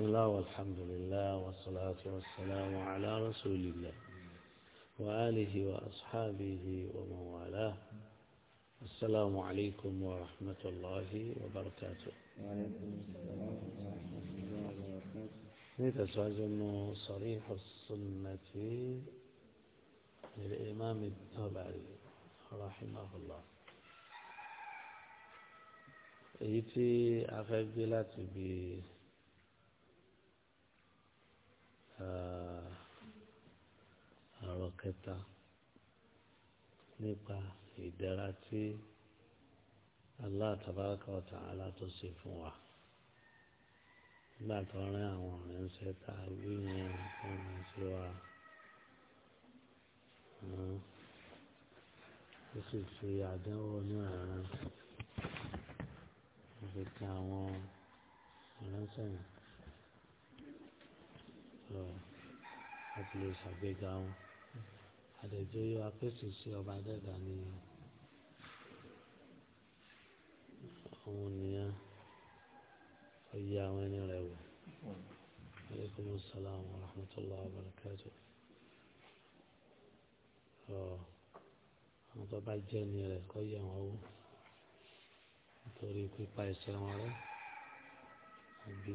بسم الله والحمد لله والصلاة والسلام على رسول الله وآله وأصحابه وموالاه السلام عليكم ورحمة الله وبركاته وبركاته أنه صريح السنة للإمام الطبري رحمه الله إيتي أخذ بلاتي Eh, ọ̀rọ̀ kẹta nípa ìdẹ̀ra tí Allah tabaraka wa ta'ala tó ṣe fún wa nígbà tó rán àwọn ìrìnsẹ̀ tá a wí yẹn fún ìrìnsẹ̀ wa hmm, ó sì fi àdánwò onírànràn ó fi kan àwọn ìrìnsẹ̀ yẹn. fi lè ṣàgbéga wọn. Àdẹ̀jọ́ yóò apèsè sí ọba dẹ́dà ni àwọn ènìyàn ọyẹ àwọn ẹni rẹ̀ wò. Aleykum salaam wa rahmatullahi wa barakatuh. Ọ̀ àwọn tó bá jẹ́ ẹni rẹ̀ kọ́ yẹ wọn wò nítorí pípa ẹsẹ̀ wọn rẹ̀ àbí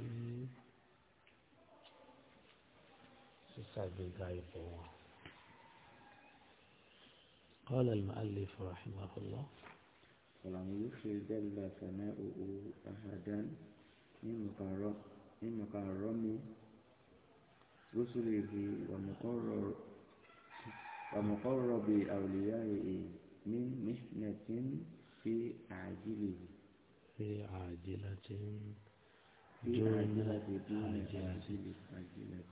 sísàgbéga ipò قال المؤلف رحمه الله ولم يخشي جل ثناؤه أحدا من مقرم من مقرم رسله ومقرر ومقرب أوليائه من محنة في عاجله في عاجلة دون عاجلة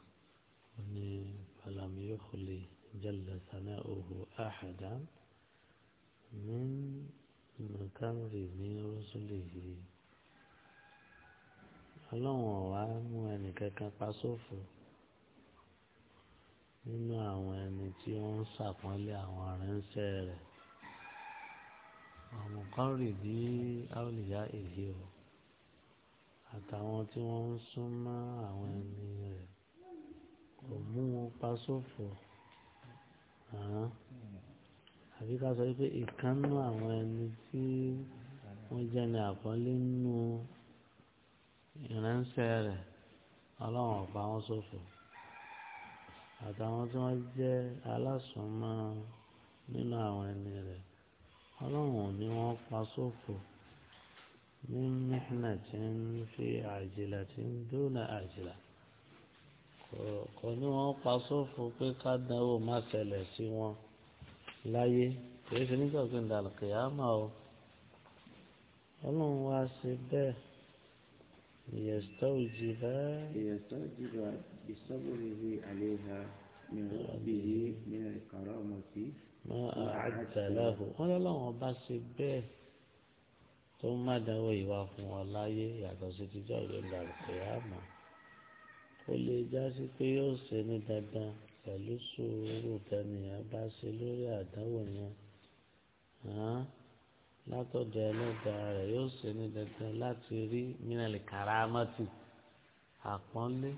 وني فلم يخلي جل ثناؤه أحدا من مكامر من رسله ọlọ́run ọ̀wá mú ẹnìkankan pa sófo nínú àwọn ẹni tí ó ń ṣàpọ́nlé àwọn aránṣẹ́ rẹ̀ àwọn kan rì bí áwòlìyá èyí o àtàwọn tí wọ́n ń sún àwọn ẹni rẹ̀ kò mú wọn pa sófò àbí ká sọ pé ìkánú àwọn ẹni tí wọ́n jẹ́ ní àpọ́nlé nínú ìránṣẹ́ rẹ̀ ọlọ́run ọ̀pá wọn sófò àtàwọn tí wọ́n jẹ́ alásùnmọ́ nínú àwọn ẹni rẹ̀ ọlọ́run ni wọ́n pa sófò ní mẹ́hìnà tí ń fi àjìlá tí ń dúnà àjìlá kò ní wọ́n pa sófo pé ká dánwò má ṣẹlẹ̀ sí wọn láyé kìí ṣe nígbà tó ń dàlù kìyàmà o ọlọ́run wá sí bẹ́ẹ̀ ìyẹ̀sítọ́ òjì bẹ́ẹ̀. ìyẹ̀sítọ́ òjì bá ìsọ́bùrù yìí àléhà mìíràn bìí mìíràn kàrọ́ ọmọ sí. àjàláhù wọn lọ́lọ́run ọba ṣe bẹ́ẹ̀ tó má dánwò ìwà fún wọn láyé yàtọ̀ sí tíjọ́ ìlú ìdàlù kìyàmà ó lè jásí pé yóò ṣe ní dandan pẹ̀lú sùúrù tẹnìyàn bá ṣe lórí àdánwò yẹn látọ̀dọ̀ ẹlẹ́dàá rẹ̀ yóò ṣe ní dandan láti rí mínàlì kàrámọ́tì àpọ́nlé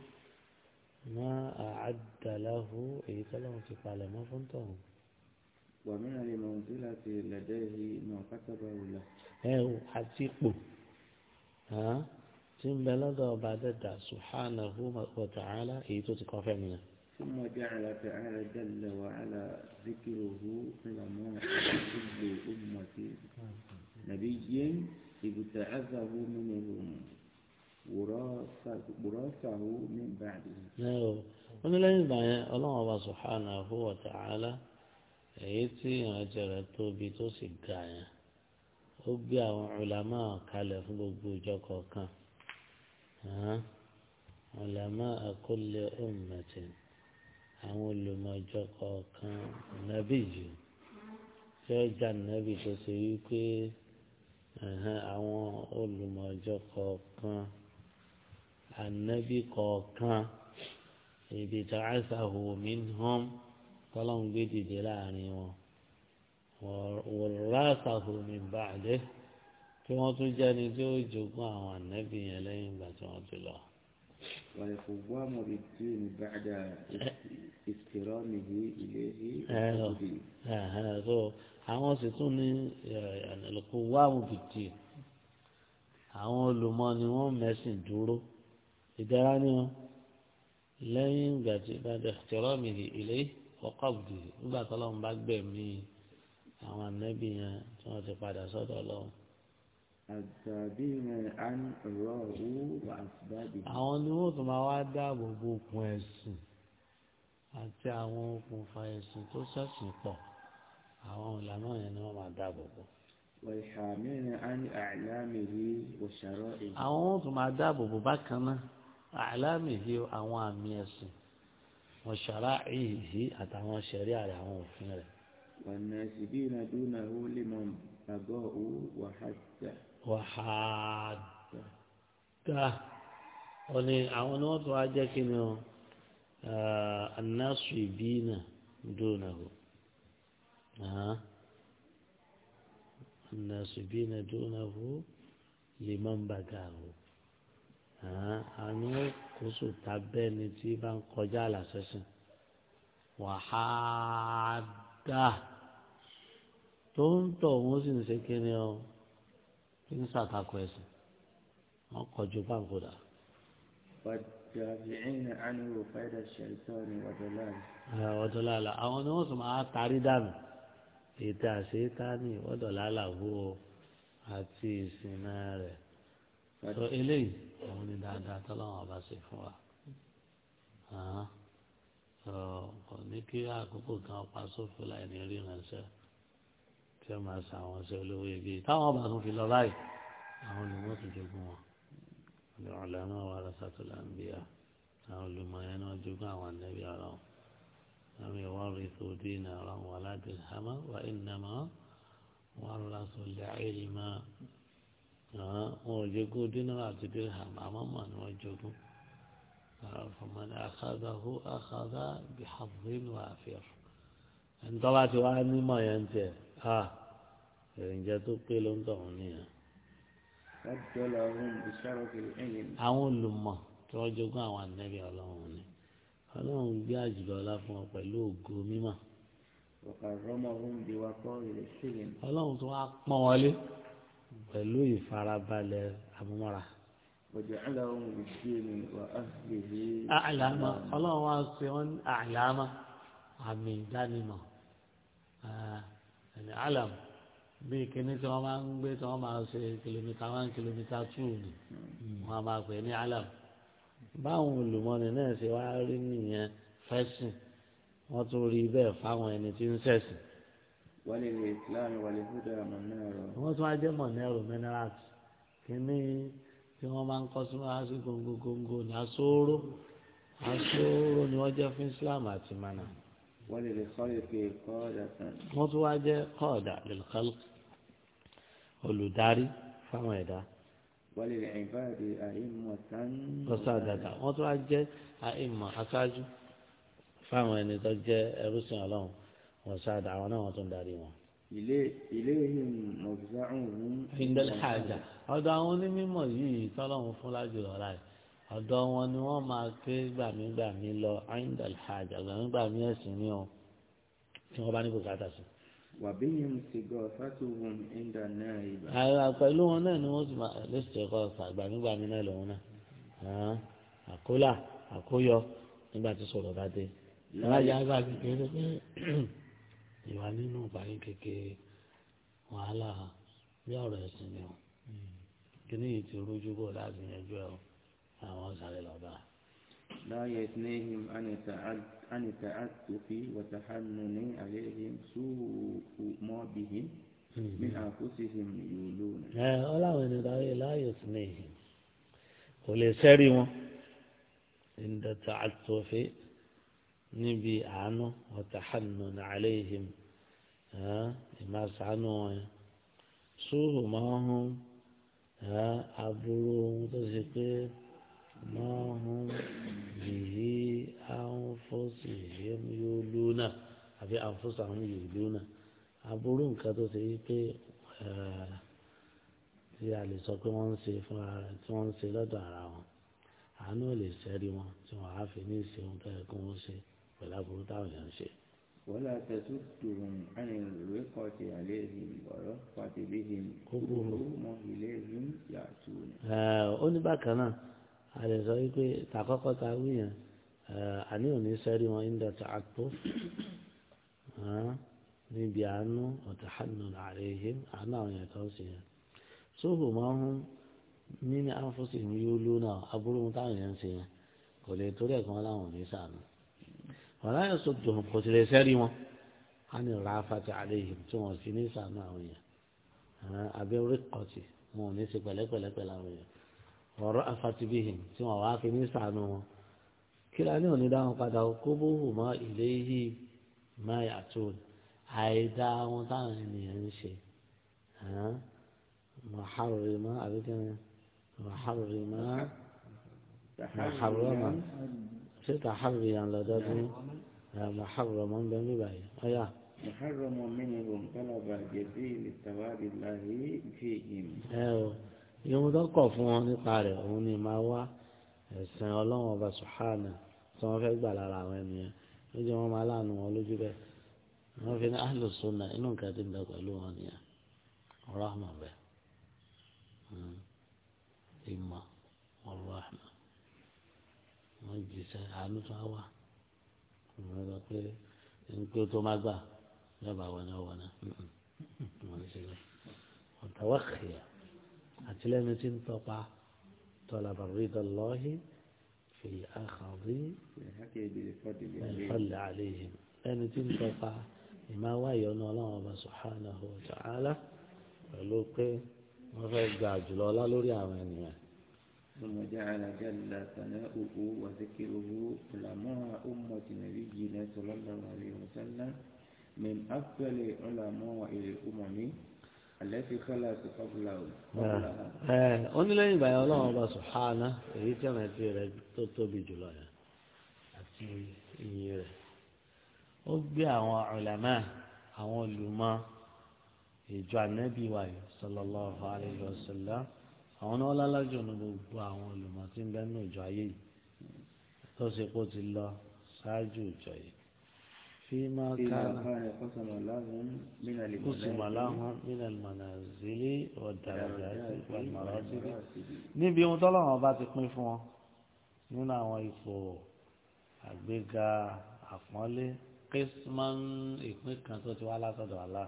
má àádàláhù èyí tọ́lọ́run ti palẹ̀ mọ́ fún tọ̀hún. wàmínà lè mọ̀ sí láti lẹ́dẹ́ yìí náà pátábá wùlà. ẹ ò àti ipò tí ń bẹ lọ́dọ̀ ọba dẹ́dà subhanahu wa èyí tó ti kọ́ fẹ́ mi náà. ثم جعل تعالى جل وعلا ذكره علماء كل أمة نبي ابتعثه منهم وراثه من بعده. wọ́n ní lẹ́yìn ìgbà yẹn ọlọ́run ọba subhanahu wa ta'ala èyí tí ìrìnàjò rẹ̀ tóbi tó sì ga yẹn ó gbé àwọn ọ̀làmọ́ kalẹ̀ fún gbogbo ìjọ kọ̀ọ̀kan. علماء كل أمة àwọn olùmọ̀jọ kọ̀ọ̀kan nàbí yìí tí ó já nàbí tó ṣe wípé àwọn olùmọ̀jọ kọ̀ọ̀kan ànábì kọ̀ọ̀kan ibi tó àṣàhù minhum tọ́lọ́hún gbé dìde láàrin wọn wọ́n rà àṣàhù min ba'dih kí wọ́n tún jáde tí ó jogún àwọn ànábì yẹn lẹ́yìn ìgbà tí wọ́n ti lọ. ويقوام بالدين بعد استرامه إليه àwọn sì tún ní ẹ̀lẹ́kùn wáàmù fìtì àwọn olùmọ̀ ni wọ́n mẹ́sìn dúró ìdára ni wọn lẹ́yìn ìgbà tí ìbàdàn ìtẹ̀rọ̀mì ilé ọkọ̀bùdì nígbà tó lọ́n bá gbẹ̀mí àwọn ànábì yẹn tí wọ́n ti padà sọ́dọ̀ ọlọ́run àwọn ni wọ́n tún máa wá dáàbò bo okùn ẹ̀sìn àti àwọn okùnfà ẹ̀sìn tó ṣẹ̀sìn pọ̀ àwọn ìlànà yẹn ni wọ́n máa dáàbò bo. àwọn wọ́n tún máa dáàbò bo bákan náà àlámìhí àwọn àmì ẹ̀sìn wọ́n ṣàrá ìhì àtàwọn ṣẹ̀rí àrẹ àwọn òfin rẹ̀. wọ́n náà sì bí ìrìnàjò náà ó lè máa gbàgbọ́ òwò wàhálà wàhádà ó ní àwọn ni wọ́n tún wá jẹ́ kí ni ọ anásù ìbínà dúnàwó anásù ìbínà dúnàwó lè má ń bàgà o àwọn kò tábẹ́ ni tí bá ń kọjá àlàsẹ́sìn wàhádà tó ń tọ̀ wọ́n sì ń ṣe kí ni ọ kí ní sàkàkọ ẹsìn wọn kọjú báńkòdà. ọ̀dọ̀làlà àwọn ni wọ́n sì máa tarí dànù ètò àṣetánì ọ̀dọ̀làlà wú o àti ìsìn rẹ̀ sọ eléyìí àwọn ni dáadáa tọ́lọ́wọ́n ọba ṣe fún wa sọ kò ní kí àkókò kan pa sófin láì ní rí ránṣẹ́ tí wọ́n máa sa àwọn ṣe olówó ibi táwọn ọba tún fi lọ báyìí àwọn olùmọ̀ tún jogún wọn ọ̀lẹ́ náà wà lọ́sàtò làǹbíyà àwọn olùmọ̀ yẹn náà jogún àwọn ànẹ́bí ara àmì ìwọ́rì tó dín ara wọn aládé hàmá wà ìnàmá wọn lọ́sọ̀ lẹ́ẹ̀rì máa wọn ò jogún dínà àti dé hàmá àmọ́ mọ̀ ni wọ́n jogún fọmọdé àkàdáhù àkàdá bìhàbùrín wà fìr ẹ̀ńtọ́ bá ti wá nímọ̀ yẹn tiẹ̀ ha èròjà tó pé ló ń tọ̀ wọ́n nìyẹn. àwọn olùmọ̀ tí wọ́n jogún àwọn ànẹ́bí ọlọ́run ni ọlọ́run gbé àjùlọ ọlá fún wọn pẹ̀lú ògo mímọ́. ọlọ́run tó wá pọ́n wọlé pẹ̀lú ìfarabalẹ̀ àmúmọ́ra. Àlàmà ọlọ́run wá ṣe wọ́n àlàmà àmì ìdánimọ̀. Ah, ẹni alam bí kíní tí wọ́n máa ń gbé tí wọ́n máa ṣe kìlómítà one kìlómítà two ni wọ́n máa pè ní alam báwọn olùmọ̀nì náà ṣe wá rí nìyẹn fẹ́sìn wọ́n tún rí bẹ́ẹ̀ fáwọn ẹni tí ń ṣẹ̀sìn. wálé ní islam wálé fúdà mọ̀nẹ́rọ. wọ́n tún wá jẹ́ mọ̀nẹ́rọ minerals kíní tí wọ́n máa ń kọ́ sí wọ́n á ní asóró asóró ni wọ́n jẹ́ fún islam àti manam wọ́n tún wá jẹ́ kọ́ọ̀dà lẹ́lẹ́kọ́lù olùdarí fáwọn ẹ̀dá. lọ́sàdàdà wọ́n tún wá jẹ́ àìmọ̀ aṣáájú fáwọn ẹni tó jẹ́ ẹrúsìn ọlọ́run wọ́n sáàdà àwọn náà wọ́n tún darí wọn. iléyìn mọ̀gbáhùn ń. ìdẹ́lẹ́ àjà ọ̀dọ̀ àwọn onímọ̀ yìí tọ́lọ́run fún lájú ọ̀la yìí ọ̀dọ̀ wọn ni wọ́n máa gbé gbàmígbàmí lọ ayíǹdàlhàj àgbàmígbàmí ẹ̀sìn ní ọ tí wọ́n bá ní bùkátà sí. wàbí yẹn mo ti gọ fatu wọn ẹ̀ńdà náà ibà. àyà pẹ̀lú wọn náà ni wọ́n ti máa lẹ́sìn ẹ̀kọ́ gbàmígbàmí náà lọ́wọ́ náà àkólà àkóyọ nígbà tí sọ̀rọ̀ bá dé. alájà àgbà kékeré pé ìwà nínú ìbáyé kékeré wàhálà bí ọ̀rọ̀ ẹ̀sìn ni ọ hmm. kí لا يثنيهم عن يتعد أن يتعدق وتحنني عليهم سوء ما بهم من أنفسهم يولون لا لا يثنيهم ولا عند تعطف نبي عنه وتحنن عليهم ها ما سعنوا سوء ما هم ها أبرو متسكت mọ́hún bìhí àǹfọ̀sìhìm yóò lónà àbí àǹfọ̀sàhùn yóò lónà aburú nǹkan tó ṣe wípé eh, tí a lè sọ pé wọ́n ń ṣe fún ara rẹ̀ tí wọ́n ń ṣe lọ́dọ̀ ara wọn àánú lè sẹ́rí wọn tí wọ́n á fi ní ìṣeun tó yẹ kí wọ́n ṣe pẹ̀lú aburú táwọn èèyàn ń ṣe. wọ́lá tẹ̀sùn tòun ẹni ìwé kan ti àlẹ́ ìhìn ọ̀rọ̀ pàtẹ́lẹ́hìn kókó mọ́ ilé ìhìn yàtúù. ó ní bákan náà a lè sọ wípé tàkọ́kọ́ ta wíyàn eh, àní òní sẹ́rí wọn ń dọ̀tà àtó níbi àánú ọ̀tà hànú àrèhìn àánú àwọn èèyàn kan sì yẹn sóhùn máa ń níní àǹfọ̀sì ní yúlú náà aburú táwọn èèyàn ń ṣe yẹn kò lè torí ẹ̀kan láwọn ò ní sànù ọ̀rá yẹn sọ dùn kò sì lè sẹ́rí wọn á ní ọ̀rá ọ̀rọ̀ afatibihin tí wọ́n wá fi ní sànú wọn kíra ní òní dáhùn padà kó bóhùn mọ́ ilé yìí máa yàtọ̀ àìdá wọn táwọn ènìyàn ń ṣe mọ̀hárùrìmọ́ àbíkẹ́ni mọ̀hárùrìmọ́ mọ̀hárùrọ́mọ́ ṣé tàhárùrìyàn lọ́dọ́ ní mọ̀hárùrọ́mọ́ ń bẹ ní báyìí ọ̀yà. mọ̀hárùrọ́mọ́ mi ni òǹkọ́lọ̀ bàjẹ́ sí ìlẹ̀tàwárí láàyè fíìgì mi ìhun tó kọ̀ fún wọn nípa rẹ̀ òun ni máa wá ẹ̀sìn ọlọ́run ọba sùhánà tí wọ́n fẹ́ gbà lára àwọn ènìyàn lójú wọn máa láàánú wọn lójú bẹ́ẹ̀ wọ́n fi ní àlùsùnà inú nǹkan tí ń bẹ pẹ̀lú wọn nìyẹn ọ̀rọ̀ àmọ̀ bẹ́ẹ̀ hmm. ìmọ̀ ọ̀rọ̀ àmọ̀ wọ́n jìṣẹ́ àánú tó wá wọ́n sọ pé nkpé tó má gbà yọba wọnà wọnà hmm, hmm. wọ́n ti ṣe bẹ́ẹ̀ ọ̀tàwá kìíyà àti lẹ́nu tí ń tọpa tọ́lá bàrídà lọ́hí fi àkàdé ìfọ̀lẹ̀ àlejò lẹ́nu tí ń tọpa ìmáwá ìyọnu ọlọ́run ọba subhanahu wa ta'ala pẹ̀lú pé wọ́n fẹ́ gba àjùlọ ọlá lórí àwọn ènìyàn. وجعل جل ثناؤه وذكره علماء أمة نبينا صلى الله عليه وسلم من أفضل علماء الأمم Ah, eh, ó ní lẹ́yìn ìgbà yẹn ọlọ́run ọba sùhánà èyí tí ọ̀nà ti rẹ̀ tó tóbi jùlọ yẹn àti ìyìn rẹ̀ ó gbé àwọn ọ̀làmà àwọn olùmọ̀ ìjọ ànábì wáyé sallallahu alaihi wasallam àwọn náà lálájọ ní gbogbo àwọn olùmọ̀ tí ń bẹ́ẹ̀ ní ìjọ ayé yìí tó ṣe kó ti lọ ṣáájú ìjọ yìí. فيما كان قسم لهم من المنازل والدرجات والمراتب níbi ohun tọ́lọ́run ọba ti pín fún wọn nínú àwọn ipò àgbéga àpọ́nlé kisman ìpín kan tó ti wá látọ̀dọ̀ Allah.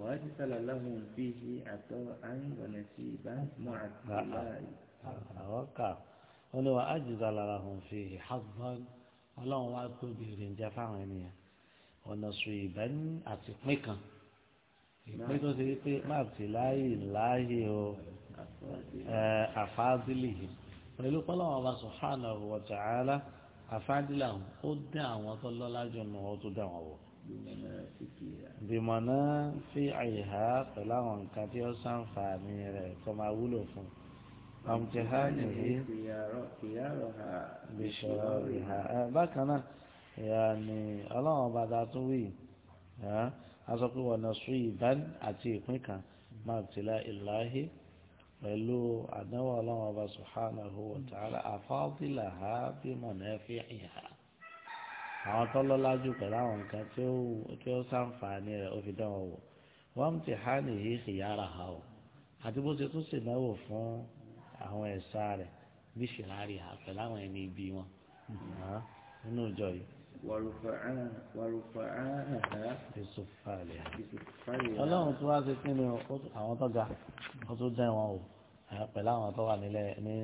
wàá ti sàlà láwọn òbí yìí àtọ́ àyìnbọ̀nà sí ìbá mọ́ àti láàyè. àwọn kà wọn ni wàá àjùzà lára hàn fi ìhàgbọ́n ọlọ́run wá tóbi ìrìnjẹ fáwọn ènìyàn ọ̀nà sùn ìbẹ́n àti pín kan ìpín tó ṣe wípé má ti láàyè láàyè o àfáàdìlì yìí pẹ̀lú pọ́lọ́wọ́n ọba subhanahu wa ta'ala àfáàdìlì àwọn ó dé àwọn tó lọ́lá jù nù ó tó dé àwọn wò. bìmọ̀nà fi àyíká pẹ̀lú àwọn nǹkan tí ó sàǹfààní rẹ̀ tó máa wúlò fún un. àmì tẹ̀hánì yìí bìṣọ̀rọ̀ rìhà bákan náà yàní ọlọ́run ọba ta tún wí a sọ pé wọnà sún ìbán àti ìpín kan máa tìlá ìláhí pẹ̀lú àdánwò ọlọ́run ọba subhanahu wa ta'ala àfáàbílà ha bí mọ̀nẹ́fì ìhà àwọn tọ́lọ́lájú pẹ̀lú àwọn nǹkan tí ó sàǹfààní rẹ̀ ó fi dán wọn wò wọ́n ti há nìyí ìyára ha o àti bó ṣe tún sì náwó fún àwọn ẹ̀sà rẹ̀ bí ṣìláàrí ha pẹ̀lú àwọn ẹni ibi wọn nínú ìjọ yìí ọlọ́run tó wá sí kí ni àwọn tó ga ó tún dẹ́ wọn o pẹ̀lú àwọn tó wà nílẹ̀ ní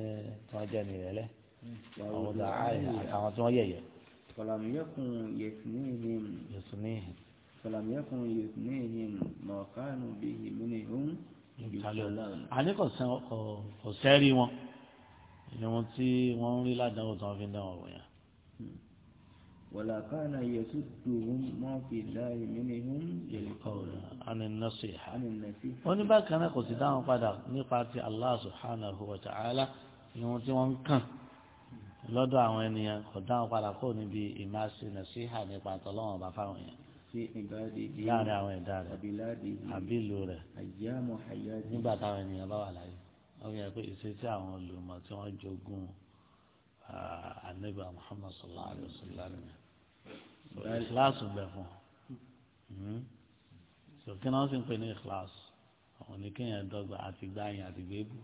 tí wọ́n jẹ́ nílẹ̀ lẹ́ àwọn tó àyè àtàwọn tí wọ́n yẹ̀yẹ̀. fọlàmìyẹ́kùn yẹ̀sùnìhìn yẹ̀sùnìhìn fọlàmìyẹ́kùn yẹ̀sùnìhìn mọ̀ọ́kánù bíi mìíràn àníkọ̀ sẹ́rí wọn ni wọ́n tí wọ́n ń ولا كان يسدهم ما في الله منهم للقول عن النصيحة عن النصيحة wọ́n ní bákan náà kò الله سبحانه وتعالى nípa ti Allah subhanahu wa ta'ala ìwọ̀n tí wọ́n ń kàn lọ́dọ̀ àwọn ènìyàn kò dáhùn padà kó níbi ìmáṣe nàṣíhà nípa tọ́lọ́wọ́n bá fáwọn èèyàn láàrin àwọn ẹ̀dá rẹ̀ àbílù rẹ̀ nígbà táwọn ènìyàn bá wà láyé wọ́n fi hàn pé ìṣesí àwọn olùmọ̀ tí wọ́n jogún ànábì Muhammad sallallahu alayhi wa sallam ìkíláàsù bẹ̀ fún hmm. so kí ni wọ́n sì ń pè ní ìkíláàsù àwọn ní kéèyàn dọ́gba àti gbáyìn àti gbébù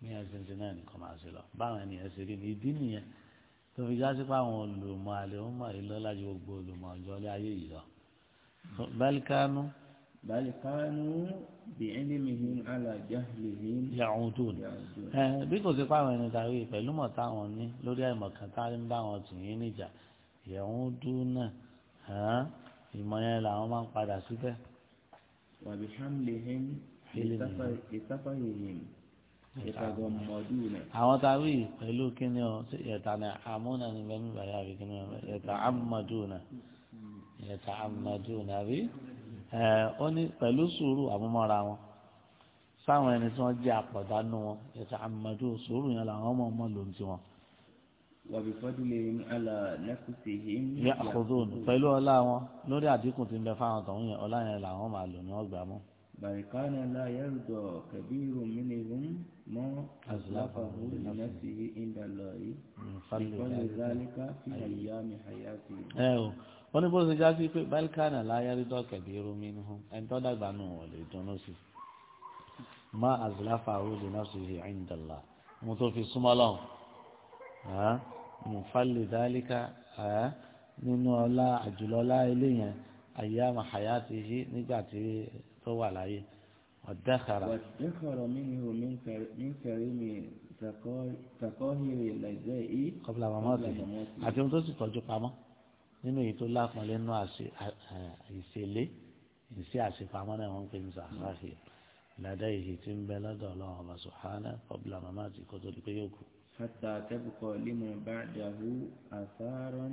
ní ẹsẹ̀ ṣe náà nìkan máa ṣe lọ báwọn ènìyàn ṣe rí ni ìdí nìyẹn tó fi já sí pé àwọn olùmọ̀ àlè ń mọ̀ yìí lọ́la ju gbogbo olùmọ̀ ọjọ́ ilé ayé yìí lọ. balikanu. balikanu bí ẹni mi ní alájà lè ní. yàrá tó ní. bí kò sí pàwọn ẹni tàwé pẹ̀lú mọ̀ táwọn ní lórí àìmọ̀kan tá ń bá wọn tì yín níjà yẹ̀wọ́n dúnà ìmọ̀ yẹn làwọn máa ń padà síbẹ̀. wàbí hamlin ìsáfàyèyìn ìtàgọ̀mọ̀dúnà. àwọn táwí pẹ̀lú kíni ọ yẹ̀tà ní àmúnà ní bẹ́ẹ̀ nígbà yàrá kíni ọ yẹ̀tà àmàdúnà yẹ̀tà àmàdúnà rí ó ní pẹ̀lú sùúrù àmúmọ́ra wọn sáwọn ẹni tí wọ́n jẹ́ àpọ̀dánù wọn yẹ̀tà àmàdúnà sùúrù yẹn làwọn ọmọ ọmọ lòun ti wọn yàkùzùn pẹ̀lú ọlá wọn lórí àdínkù tí ń bẹ fáwọn tọ̀hún yẹn ọlá yẹn làwọn máa lò ní ọgbà mọ́. bàríkánà láyẹ̀rùdọ̀ kẹ̀bírù mínírùn mọ́ àzùláfàbù ìnáṣì ìdàlọ́ yìí ìfọ̀lẹ̀ ìdálẹ́ká fi àyà mi àyà sí. ẹ o wọn ní bó ṣe já sí pé bàríkánà láyẹ̀rùdọ̀ kẹ̀bírù mínírùn ẹni tó dàgbà nù wọ̀ lè dùnú sí i mọ́ àzùláfàbù ìnáṣì ìdàlọ́ mùfálì dálíkà nínú ọlá àjùlọlá ilé yẹn ayé àmà hayati yìí nígbà tí tó wà láyé ọ̀dẹ́kara. ọ̀dẹ́kara mi ni o mi kẹrin mi takọ́hìrì lẹ́jẹ́ yìí. kọ́bílà màmá ọ̀tẹ̀ àti ohun tó sì tọ́jú pamọ́ nínú èyí tó lápọ̀nlé nínú ìṣẹ̀lẹ̀ ìṣe àṣepamọ́ náà wọ́n ń pè ní sàkáfì lẹ́dẹ́ yìí ti ń bẹ lọ́dọ̀ ọlọ́run ọba sùhánà kọ́bílà màmá àti kótó ni pé yóò kú. حتى تبقى لمن بعده آثار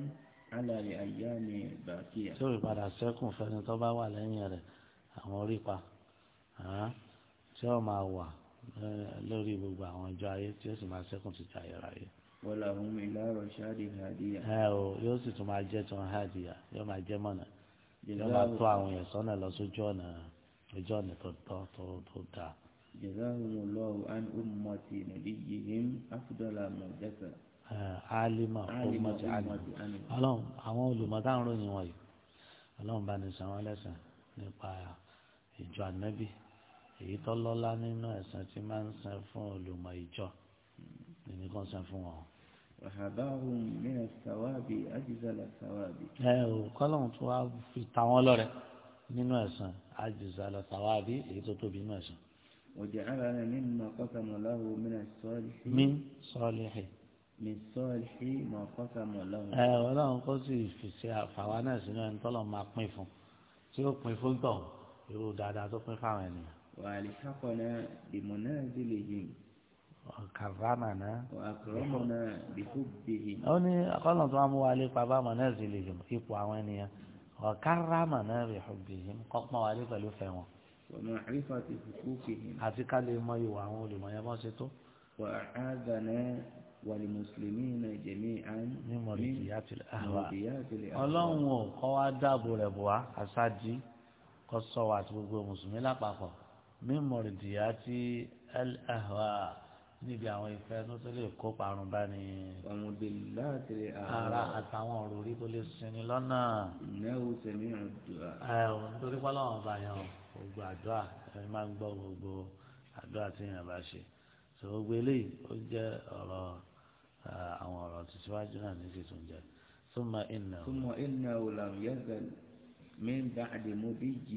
على الأيام الباقية. سوري بعد أسركم فإن طبعا وعلى أن أموريقا ها شو ما هو lórí gbogbo àwọn ọjọ́ ayé tí ó sì máa ṣẹ́kùn ti tayọ̀ ráyé. wọ́lá ohun ilá rọ̀ṣáàdì hadiya. ẹ o yóò sì tún máa jẹ́ tó ń hadiya yóò máa jẹ́ mọ̀nà yóò máa tó àwọn èèyàn sọ́nà lọ sójú ọ̀nà ojú ọ̀nà tó tọ́ tó dáa jazahumullahu an ummati nabiyihim afdala mọ̀jẹ́sà. alima ummati alima ọlọ́run àwọn olùmọ̀tàn ròyìn wọ̀nyí ọlọ́run bá ní san wọ́n lẹ́san nípa ìjọ ànábì èyí tó lọ́lá nínú ẹ̀san tí máa ń san fún olùmọ̀ ìjọ nínú kan san fún wọn. wàhábàáhùn mìíràn sàwábì ájísàlà sàwábì. ẹ ò kọ́lọ́hún tó wá fi ta wọ́n lọ́rẹ nínú ẹ̀san ájísàlà sàwábì èyí tó tóbi nínú ẹ̀san. وجعلنا مما قسم له من الصالح من صالح من صالح ما قسم له اه ولا انقصي في السياق فوانا سنة انطلع ما قمفهم سيو قمفهم طهم يقولوا دادا تقمف عمانيا والحقنا بمنازلهم وكرمنا وأكرمنا بحبهم أوني أقلنا طعام وعليك بابا منازلهم يبقوا وكرمنا بحبهم قطنا وعليك الوفهم àti ká lè mọ ìwà àwọn olùmọ̀yẹ́ bọ́ ṣe tó. mímọ̀ lè kìí àtìlẹ̀ àwa ọlọ́run ò kọ́ wá dáàbò rẹ̀ bọ̀ wá àṣáájú kọ́ sọ wa àti gbogbo mùsùlùmí lápapọ̀ mímọ̀ lè kìí àti àwa níbi àwọn ìfẹ́ tó tó lè kó parun bá ní. ọmọdéla ti lè ara àtàwọn òrùlé tó lè sinmi lọ́nà. ìnáwó sẹ́mi àdúrà. ẹ ò nítorí pálọ̀ ọ̀bà yẹn o gbogbo àdúrà ẹni máa ń gbọ́ gbogbo àdúrà tí èèyàn bá ṣe sọ gbogbo eléyìí ó jẹ́ ọ̀rọ̀ àwọn ọ̀rọ̀ tìṣíwájú náà ní tìtún jẹ ثم إنه ثم إنه لم يزل من بعد مبيج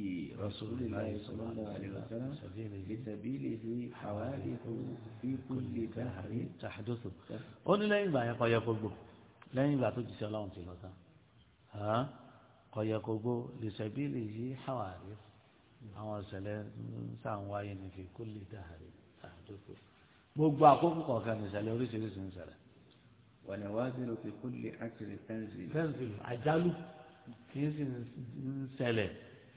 رسول الله صلى الله عليه وسلم بسبيله حوادث في كل دهر تحدث ó ní lẹ́yìn ìgbà yẹn kò yẹ lẹ́yìn ìgbà tó jìṣẹ́ ọlọ́run ti lọ tán kò yẹ kó gbó لسبيله حوادث àwọn ìṣẹ̀lẹ̀ sàǹwáyé ní fi kó lè dáhàrí àdókò gbogbo àkókò kọ̀ọ̀kan ìṣẹ̀lẹ̀ oríṣiríṣi ń ṣẹlẹ̀. wàlẹ̀ wá sí lókè kó lè àṣírí pẹ́ńsìlì. pẹ́ńsìlì àjálù kì í sì ń ṣẹlẹ̀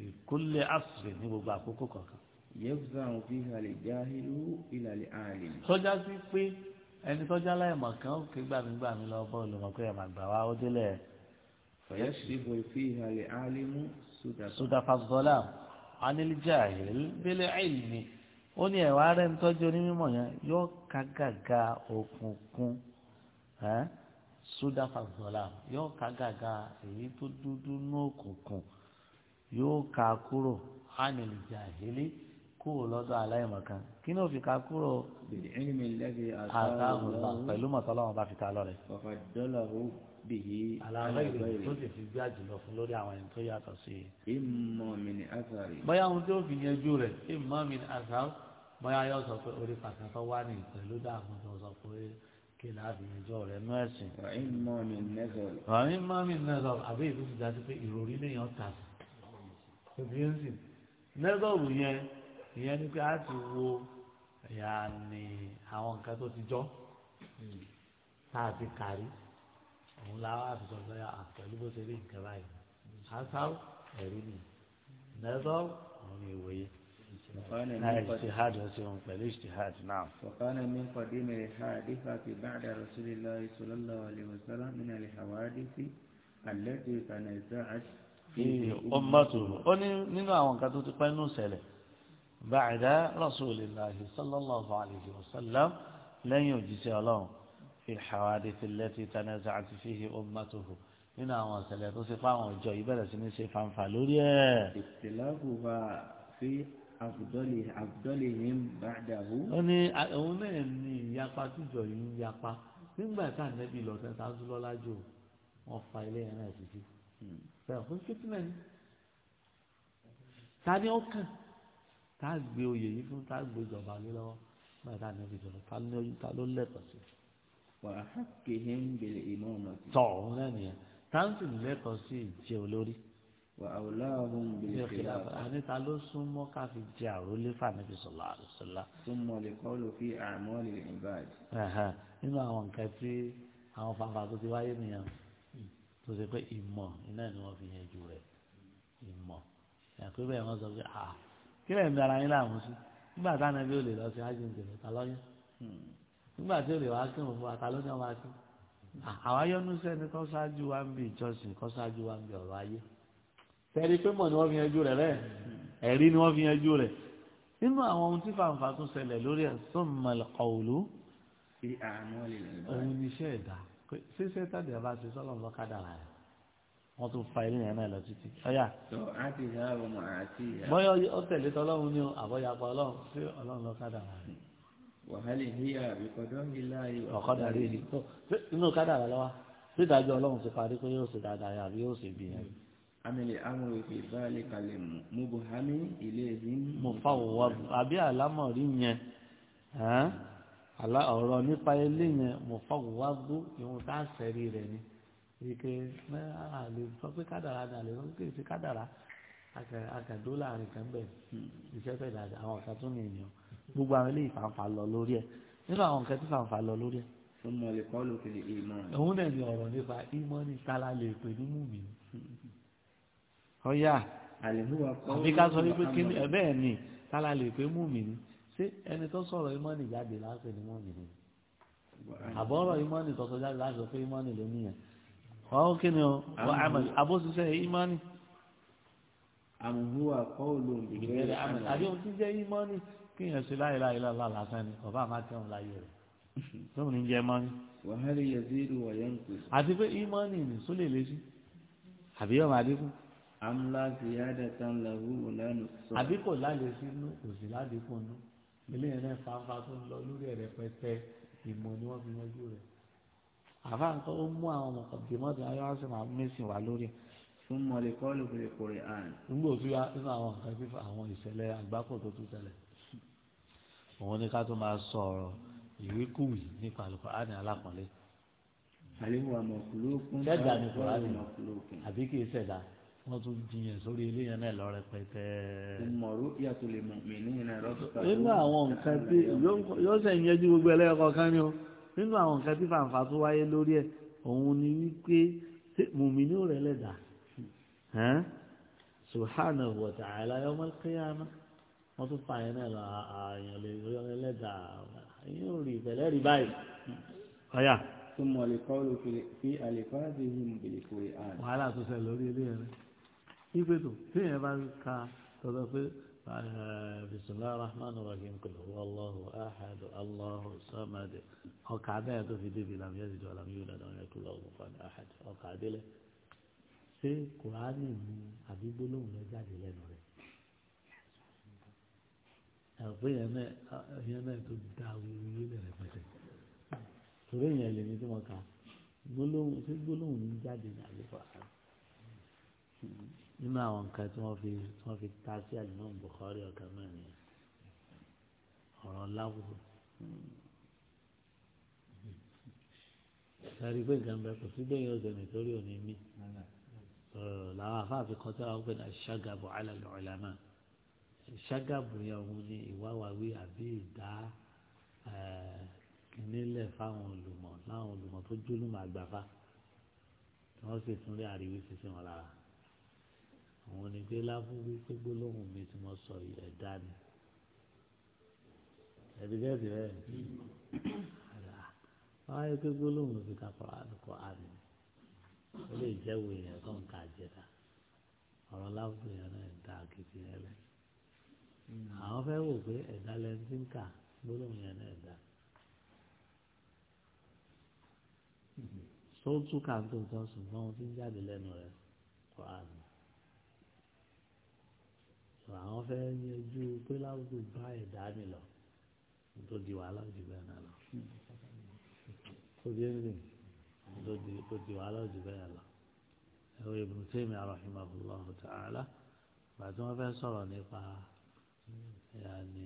ìkólé àṣírí ní gbogbo àkókò kọ̀ọ̀kan. yẹ́fúsà àwọn fi hàlẹ̀ já irú ìlàlẹ̀ àlè. sọ́jà sí pé ẹni sọ́jà láìmọ̀ kan ó ké gbàmígbàmí lọ bọ́ọ̀lù aniljáhìl bílẹ̀ ìlmi ó ní ẹ̀wà rẹ̀ ń tọ́jú onímọ̀ yẹn yóò ka gàgà òkùnkùn sódà fàzọ́là yóò ka gàgà èyí tó dúdú ní òkùnkùn yóò ka kúrò aniljáhìlì kúrò lọ́dọ̀ aláìmọ̀kan kí ni ó ka kúrò àtàwọn pẹ̀lú mọ̀tọ́lọ́wọ́n bá fi ta lọ́rẹ̀ bìhí aláàbẹ̀rẹ̀ tó sì fi gbé àjùlọ fún lórí àwọn ẹni tó yàtọ̀ sí i. ìmọ̀ mi ni asari. bóyá ohun tí ó fi yanjú rẹ̀ ìmọ̀ mi ni asari bóyá yóò sọ pé orí pàtàkì wà ní pẹ̀lú dáàbò tó sọ pé kí láàbì ìjọ rẹ̀ nú ẹ̀sìn. ìmọ̀ mi ni nẹ́sọ̀rọ̀. ìmọ̀ mi ni nẹ́sọ̀rọ̀ àbí ìlú ti dájú pé ìròrí lèèyàn tà sí. nẹ́sọ̀rọ̀ yẹn ìyẹn ni pé a ti wo yàní àwọn nǹkan tó ti jọ tá a ti kárí òun la wá àtúntò ọgbẹ́ àpẹ̀lú bó ṣe rí nǹkan báyìí hasaw ẹ̀rí ni nẹ́sọ̀ òun ni ìwòye اجتهاد وسيم قال اجتهاد نعم وكان من قديم الحادثة بعد رسول الله صلى الله عليه وسلم من الحوادث التي تنزعت فيه أمته nínú àwọn kan tó بعد رسول الله صلى الله عليه وسلم lẹ́yìn òjíṣẹ́ Ọlọ́run في الحوادث التي تنازعت فيه أمته nínú àwọn ìṣẹ̀lẹ̀ tó ṣe fáwọn ìjọ yìí bẹ̀rẹ̀ sí ní ṣe fanfa lórí ẹ̀. ìṣèlérò bá fi àbùdọ́lì àbùdọ́lì yìí ń bá dàrú. ó ní òun náà ní ìyapa tíjọ yìí ń yapa nígbà tá à nẹ́bí lọ́sẹ̀ tá a dúró lájò wọ́n fa ilé yẹn náà títí. bẹ́ẹ̀ fún fitness ta ni ó kàn tá a gbé oyè yìí fún tá a gbé ìjọba lé lọ́wọ́ nígbà tá à nẹ́bí lọ́sẹ̀ ta ló lẹ́tọ̀ọ́ sí i. وأحقهم بالإمامة طعونا نيا تانسل لكو سي جيولوري وأولاهم بالخلافة أنا تعالوا سمو كافي جارو لفعنا صلى الله عليه وسلم ثم لقول في أعمال العباد أها إما هون كافي هون فعفاتو توايا نيا تزيقى إمام إنا نوا في هجورة إمام يعني كيف يمازل آه كيف يمدر عين لا موسي ما تعالى بيولي لأسي عجل تلو تلو nígbà tí olè wá kírun fún wa ta ló ní ọmọ akí àwa yọnu sẹ́ni kọ́ ṣáájú wa ń bi ìjọsìn kọ́ ṣáájú wa ń bi ọ̀rọ̀ ayé sẹ́ni pé mọ̀ ni wọ́n fi yanjú rẹ̀ lẹ́ẹ̀ ẹ̀rí ni wọ́n fi yanjú rẹ̀ nínú àwọn ohun tí fàǹfà tún ṣẹlẹ̀ lórí ẹ̀ sọ́mọ̀lẹ̀ ọ̀wùlú òun ni iṣẹ́ ẹ̀dá ṣíṣe tàbí ẹ̀ bá ṣe sọ́lọ̀ wọ́n tún fa ilé náà lọ títí ọ̀yà. bọ́yọ̀ ọ tẹ̀lé tọ́lọ́run àbọ̀yàpọ̀ ọlọ́run sí ọlọ́run lọ kádàrà rẹ̀ wàhálì híyà ìkọ̀dọ́ ìlà ìwà. ọ̀kadà rí ni inú kádà rẹ lọ́wọ́ sídájọ́ ọlọ́run ti parí pé yóò ṣe dáadáa yà bí yóò ṣe bí yẹn. amílẹ̀ amúre fi báàlì kalẹ̀ mú mú buhari ilé ìdí. mo fa òwò àbí àlámọ̀rí yẹn ọ̀rọ̀ nípa ilé yẹn mo fa òwò àgbó ìwọ̀n tá a sẹ́rí rẹ̀ ni wípé náà lè sọ pé kádàrá náà lè sọ pé kí kádàrá akàdó láàrin kan bẹ̀ iṣẹ́ fẹ̀ dáadáa àwọn ọ̀sán gbogbo àwọn eléyìí fàǹfà lọ lórí ẹ̀ nínú àwọn nǹkan tí fàǹfà lọ lórí ẹ̀. ọmọ lè kọ́ ló fi lè ìmọ̀ rẹ̀. òun náà ni ọ̀rọ̀ nípa ìmọ̀ ní sálá lè pè ní mú mi. ọ̀yà àbí ká sọ wípé kí bẹ́ẹ̀ ni sálá lè pè mú mi ni ṣé ẹni tó sọ̀rọ̀ ìmọ̀ ní jáde láṣẹ ni mọ̀ mi ni. àbọ̀rọ̀ ìmọ̀ ní tọ́sọ jáde láṣọ pé ìmọ̀ ní ló níyàn. wọ́n kí ni àbóṣiṣẹ́ ìmọ̀ ní. àmùhùwà kọ́ òlò ìgbẹ́rẹ́ kí èèyàn ṣe láyé láyé lọ́la lásán ni ọba àmà tẹ̀ ń láyé rẹ̀ tóun ní jẹ́ mọ́ni. wàhálì yazidu wa yanqus. àti pé ìmọ̀nì ni sólè lé sí àbí ọmọ adékù. amúlá ziyada tán làwù lánà sọ. àbí kò láyé sínú kò sí ládìkù nù eléyìí náà fanfa tó ń lọ lórí ẹ̀rẹ́ pẹ́tẹ́ ìmọ̀ ni wọ́n fi yanjú rẹ̀ àfa nǹkan ó mú àwọn ọmọ kan bímọ tí ayọ́ àṣẹ máa mẹ́sìn wá lórí ẹ̀. fún mọ̀lẹ́kọ́lù fún ìkórè àn. nígbà òfin wa àwọn nǹkan fífa àwọn ìṣẹ̀lẹ̀ àgbákò tó tún ṣẹlẹ̀ òun ni ká tó máa sọ ọ̀rọ̀ ìwékùwì nípa Al-Qur'ani alápọ̀nlé. àlejò àmọ̀ kúlókùn sẹ́dá ni Kùránì àbí kì í sẹ̀dá wọ́n tún jiyàn sórí eléyàn náà lọ rẹpẹtẹ. ìmọ̀rú yàtọ̀ lè mọ̀ mí ní ìrìn àrọ́ tó. nínú àwọn nǹkan tí yóò ṣe ìyẹn ju gbogbo ẹlẹ́yọkọ̀ kan ni o nínú àwọn nǹkan tí fàǹfà tó wáyé lórí ẹ̀ òun ni wípé mùmínú rẹ̀ lẹ́dàá subhanahu wa ta'ala yawmal qiyamah wọ́n tún fà yẹn náà àyàn lè rí ẹlẹ́dà ẹ̀yìn ò rí ìbẹ̀lẹ́ rí báyìí. ọ̀yà. tó mọ̀ lè kọ́ ló fi àlèkọ́ láti yí mu bèlè kò rí àná. wàhálà tó ṣẹlẹ̀ lórí ilé rẹ̀ ipe tó tí èèyàn bá ń ka tọ́tọ́ pé bisimilahi rahman rahim qul huwa allahu ahad allahu samad ọkà bẹ́ẹ̀ tó fi débi lam yazid wa lam yulad wa lam yakul lahu kufuwan ọkà délẹ̀ ṣé kùránì mu àbí gbólóhùn lọ àpé yẹn náà yẹn náà tó da wíwí lẹ́rẹ̀ pẹ̀tẹ̀ torí yẹn lèmi tí wọ́n kà gbólóhùn tí gbólóhùn ń jáde ní àlùfáà nínú àwọn nǹkan tí wọ́n fi tí wọ́n fi ta sí àlùmọ́ Bukhari ọ̀kan náà nìyẹn ọ̀rọ̀ láwùjọ sáré pé nǹkan bẹ kò sí bẹ́yìn ọ̀sẹ̀ nítorí òní mi làwọn afáàfin kan tí wọ́n pè ní aṣágàbọ̀ alàlùfáà ìṣàgàbù yẹn òun ni ìwáwáwí àbí ìdá eh, nílẹ̀ fáwọn olùmọ̀ láwọn olùmọ̀ tó jólúmọ̀ àgbàfà tí wọ́n sì tún rí àríwí sísìn wọn lára àwọn ni pé láfúwí pé gbólóhùn mi tí mo sọ yìí ẹ̀dá ni ẹ̀dígẹ́sì rẹ̀ wọ́n á yẹ pé gbólóhùn fi kàkọ́ra àdúkọ́ àmì ó lè jẹ́ wo èèyàn tó ń ọ̀rọ̀ láwùjọ yẹn náà ń ta àkìtì yẹn àwọn fẹ́ wò pé ẹ̀dá lẹ́nu ti ń kà gbólóhùn yẹn náà ẹ̀dá. sóòtú kàńtó tó ṣùgbọ́n ohun tí ń jáde lẹ́nu rẹ̀ kọ́ àná. àwọn fẹ́ yanjú pé láwùjọ bá ẹ̀dá mi lọ tó di wàhálà jù bẹ́ẹ̀ náà lọ. ó di ẹni tó Ibn Taymiyyah rahimahullahu ta'ala. بعد ما بين صلاة نقاع yàní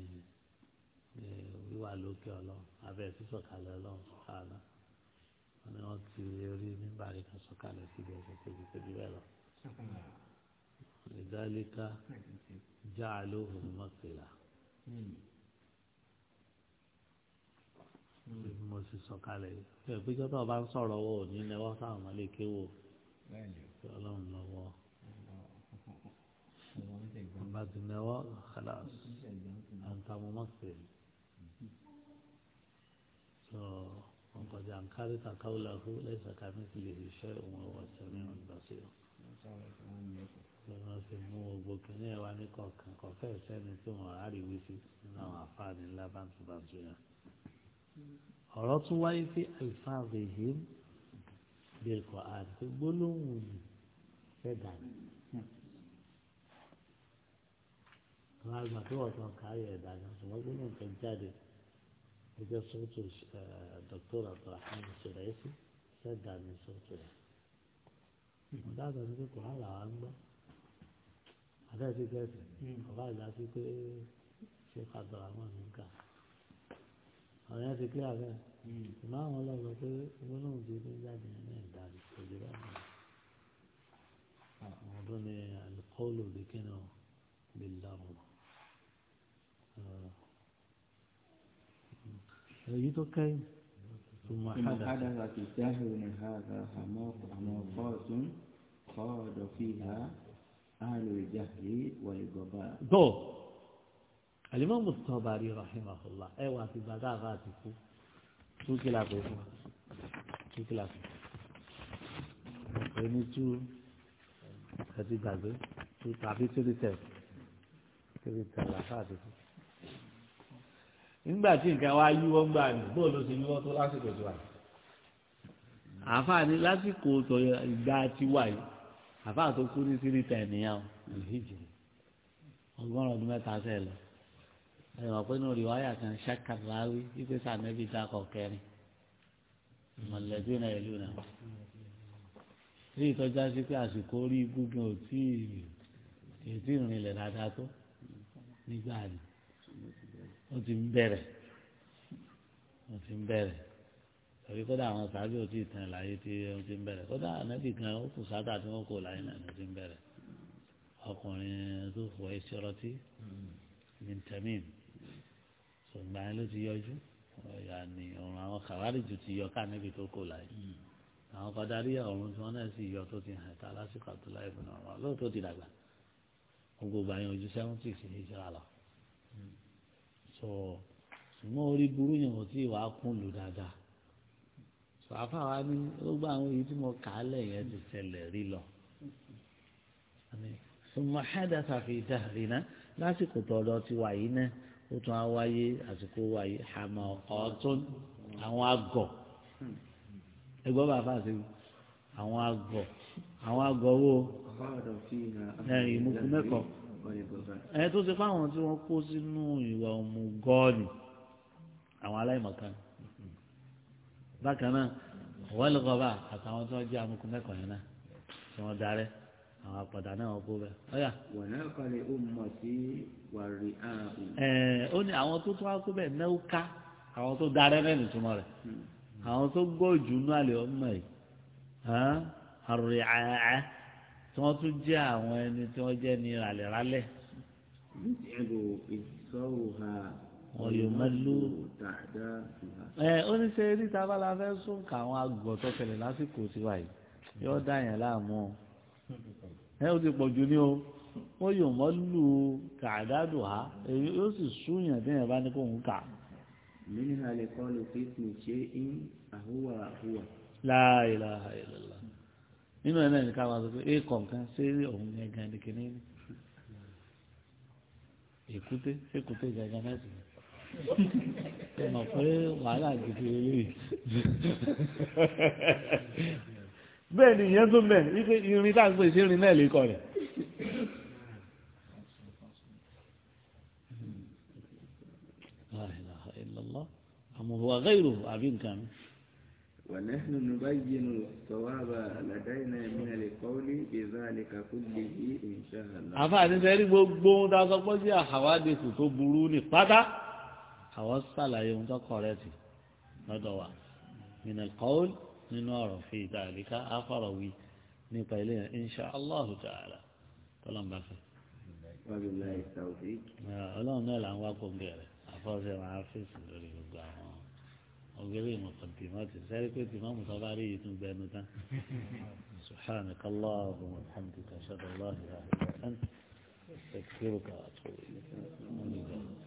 wíwà lókè ọlọ́run abẹ́ sísọ̀kalẹ̀ ọlọ́run sọ̀kalẹ̀ wọn ni wọ́n ti rí nígbà rí kan sọ̀kalẹ̀ síbi ẹsẹ̀ kejì tó bí bẹ́ẹ̀ lọ. ìdálíkà já lóhùn mọ́kìlá mo sì sọ̀kalẹ̀ ẹ̀ pé jọ́tọ̀ bá ń sọ̀rọ̀ wọ̀ ní lẹ́wọ́ sáwọn ọmọ lè kéwò ọlọ́run lọ́wọ́. بعد النواة خلاص أنت ممثل وقد أنكرت قوله ليس كمثله شيء وهو السميع البصير lọ́nà sí mú gbogbo kìíní ẹ̀ wá ní kọ̀ọ̀kan kò fẹ́ sẹ́ni tí wọ́n á rí wí sí nínú àwọn àfáàní ńlá bántúbántú yẹn. ọ̀rọ̀ tún wáyé sí alifáàzì yìí bí ẹ̀kọ́ àti gbólóhùn yìí fẹ́ dàní. wọn àgbà tó wọ́n tó kárí ẹ̀ dáadáa ṣùgbọ́n gbọ́dọ̀ nǹkan jáde ẹjọ́ sọ́tò dọ́kítọ́rà abdulrahman ṣẹlẹ̀ẹ́sì sẹ́dá ní sọ́tò rẹ̀ ìmọ̀dáàbà ní pé kò hàn làwọn gbọ́ àtẹ̀sí gẹ̀ẹ́sì ọ̀bá ìlà sí pé ṣé abdulrahman ń kà àwọn yẹn ti kí àfẹ́ ìmọ̀ àwọn ọlọ́gbọ́ pé gbọ́dọ̀ ti ní jáde ní ìdájọ́ òjòrò àwọn ọdún ni alukọ́ọ̀lù bí kí ni ọ bí lámùú. èyí tó kẹ́yìn. ثم حدث في الشهر هذا حماقات خاض فيها أهل الجهل والغباء. دو الإمام الطبري رحمه الله أيوة في بدأ غاتفه شو كلا بيفهم شو كلا ẹni tú ẹti gbàgbé tàbí tírí tẹ̀ tírí tẹ̀ làfáà ti fún nígbà tí nǹkan wá yíwọ́ ń gbà ní bóòlù sí yíwọ́ tó lásìkò tó wà. àǹfààní lásìkò tó ìgbà tí wà yìí àfáà tó kú ní sírí tẹ̀ nìyàn ọgbọ́n ọdún mẹ́ta sẹ́ẹ̀ lọ ẹ̀rọ pé nínú rìwáyà kan ṣàkàláwí wípé sànẹ́bí dákọ̀ kẹrin mọ̀lẹ́bí náà ìlú náà rí ìtọ́já sí pé àsìkò orí ibùgbìn ò tí ì rìnlẹ̀ dáadáa tó nígbà ni ó ti ń bẹ̀rẹ̀ ó ti ń bẹ̀rẹ̀ tàbí kódà àwọn sábẹ́ ò tí ì tán láyé tí ó ti ń bẹ̀rẹ̀ kódà ànábì kan ó kù sátà tí wọ́n kò láyé náà ló ti ń bẹ̀rẹ̀ ọkùnrin tó fọ ẹsẹ̀ ọ̀rọ̀ tí ní tẹmíìmù ṣùgbọ́n àyìn ló ti yọjú yàní ọ̀run àwọn kàwárìjù ti yọ káàníbi tó kò láyé àwọn kọdarí ọ̀run tí wọ́n náà sì yọ tó ti hàn ká lásìkò àtúláyé fún ọ̀run lóòótọ́ ti dàgbà gbogbo àyìn ojú sí ìjọra lọ so ṣùgbọ́n orí burú yẹn ò tí ì wàá kún lù dáadáa so àfàwa ni ó gbọ́ àwọn èyí tí mo kà á lẹ̀ yẹn ti ṣẹlẹ̀ rí lọ. ثم حدث في دهرنا lásìkò tọ̀dọ̀ ti wà yìí náà ó tún á wáyé àsìkò wà àmọ́ ọ̀tún àwọn àgọ̀ ẹgbọ́n bàbá àti àwọn àgọ̀ àwọn àgọ̀ wo ẹ̀yìn mú kú mẹ́kọ̀ọ́ ẹ tó ṣe fáwọn tí wọ́n kó sínú ìwà òmùgọ́ọ̀nì àwọn aláìmọ̀kan bákan náà wọ́n lè kọ́ bá àtàwọn tí wọ́n jẹ́ amukú mẹ́kọ̀ọ́ yẹn náà tí wọ́n darẹ́ àwọn àpàdà náà wọ́n kó bẹ́ẹ̀. ọ̀yà. wọ́n ó mọ̀ sí wàrí ààrùn. ẹ ó ní àwọn tó tún wá kó bẹ́ẹ̀ náà ká àwọn tó darẹ́ bẹ́ẹ̀ nìtumọ̀ rẹ̀ hmm. àwọn tó gbọ́ jù náà lè ọmọ yìí àrùn ààrẹ tí wọ́n tún jẹ́ àwọn ẹni tí wọ́n jẹ́ ní ràlẹ̀ràlẹ̀. wọ́n yóò máa lò ẹ oníṣẹ́ rí tábà la fẹ́ sún ká àwọn àgọ́ tó fẹlẹ̀ lásìkò tiwa yìí yóò dá yẹn láàmú ẹ ó ti pọ̀ jù ní o wọ́n yóò máa lò kàdádù ha yóò sì sún yàn tí yẹn bá ní kó ń kà. mi ní alẹ́ kọ́ ló fi kùn ṣe ń àhúwà àhúwà. la ilaha illallah nínú ẹ̀ náà ní ká máa sọ pé é kọ̀ọ̀kan ṣé òun gangan ni kìíní ni èkúté ṣé èkúté gangan náà sì ṣe mọ̀ pé wàhálà gidi eléyìí bẹ́ẹ̀ ni ìyẹn tún bẹ́ẹ̀ wípé irin tá à ń pè sí irin náà lè kọ rẹ̀. àmọ̀ wà gẹ́rù àbí nǹkan mi. ونحن نبين الصواب لدينا من القول بذلك كله إن شاء الله àfààní sẹ́rí gbogbo ohun tá a sọ pé sí àwádìí tó burú ní pátá àwọn sàlàyé ohun tó kọ̀rẹ́tì wa من القول nínú ọ̀rọ̀ fi ذلك afọ̀rọ̀wí nípa ilé yẹn إن شاء الله تعالى tọ́lọ́mbà fẹ́. ọlọ́run náà là ń wá kó ń bẹ̀rẹ̀ àfọ̀ṣẹ́ wọn á fèsì lórí gbogbo àwọn. وغير مقدمات ذلك الإمام طبعي يتنبين ده سبحانك الله وبحمدك أشهد الله لا إله إلا أنت أستغفرك وأتوب إليك